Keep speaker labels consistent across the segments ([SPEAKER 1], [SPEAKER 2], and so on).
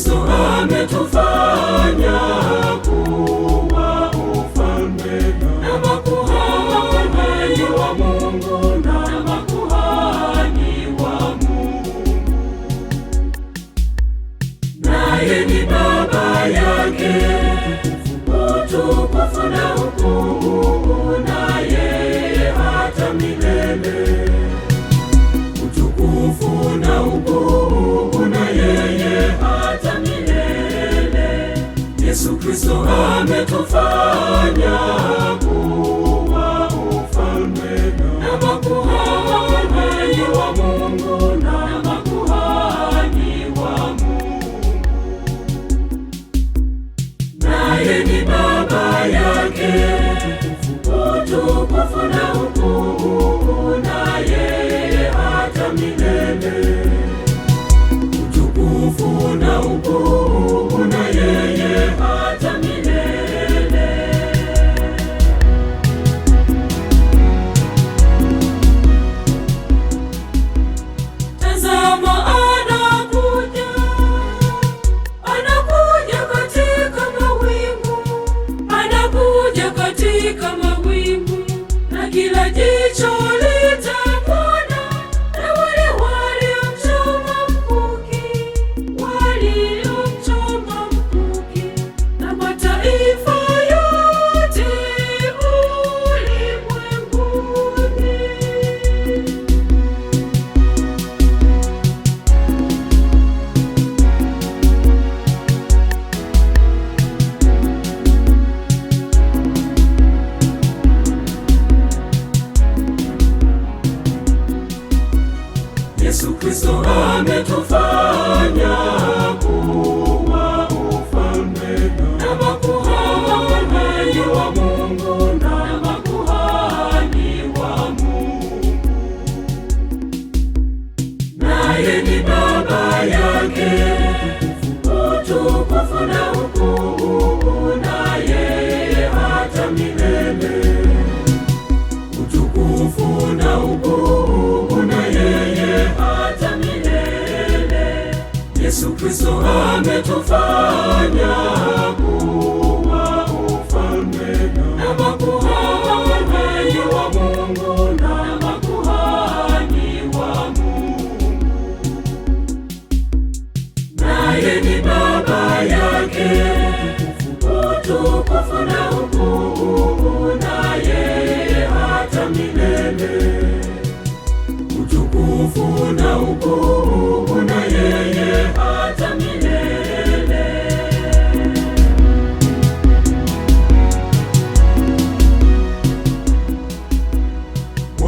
[SPEAKER 1] Yesu ametufanya kuwa ufalme na makuhani wa Mungu na makuhani wa Mungu, naye ni Baba yake utukufu na ukuu kuandika mawingu na kila jicho Yesu Kristo ametufanya kuwa ufalme na makuhani wa Mungu na makuhani wa Mungu, naye ni Baba yake utukufu na ukuu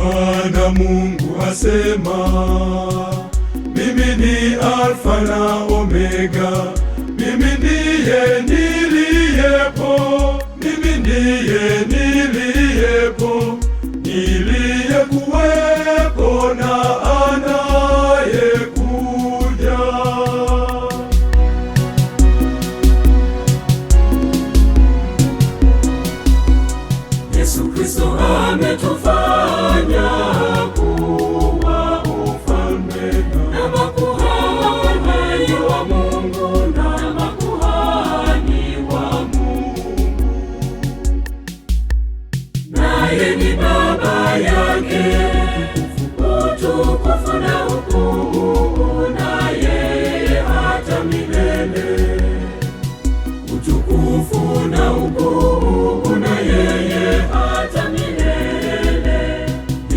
[SPEAKER 1] Bwana Mungu asema, mimi ni Alfa na Omega, mimi ndiye ni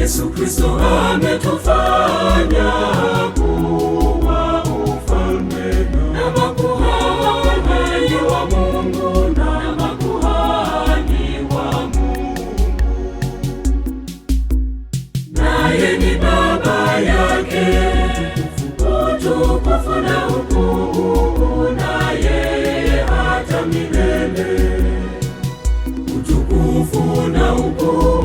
[SPEAKER 1] Yesu Kristo ametufanya kuwa ufalme na makuhani wa Mungu na makuhani wa Mungu, naye ni Baba yake, utukufu na ukuu naye hata na ukuu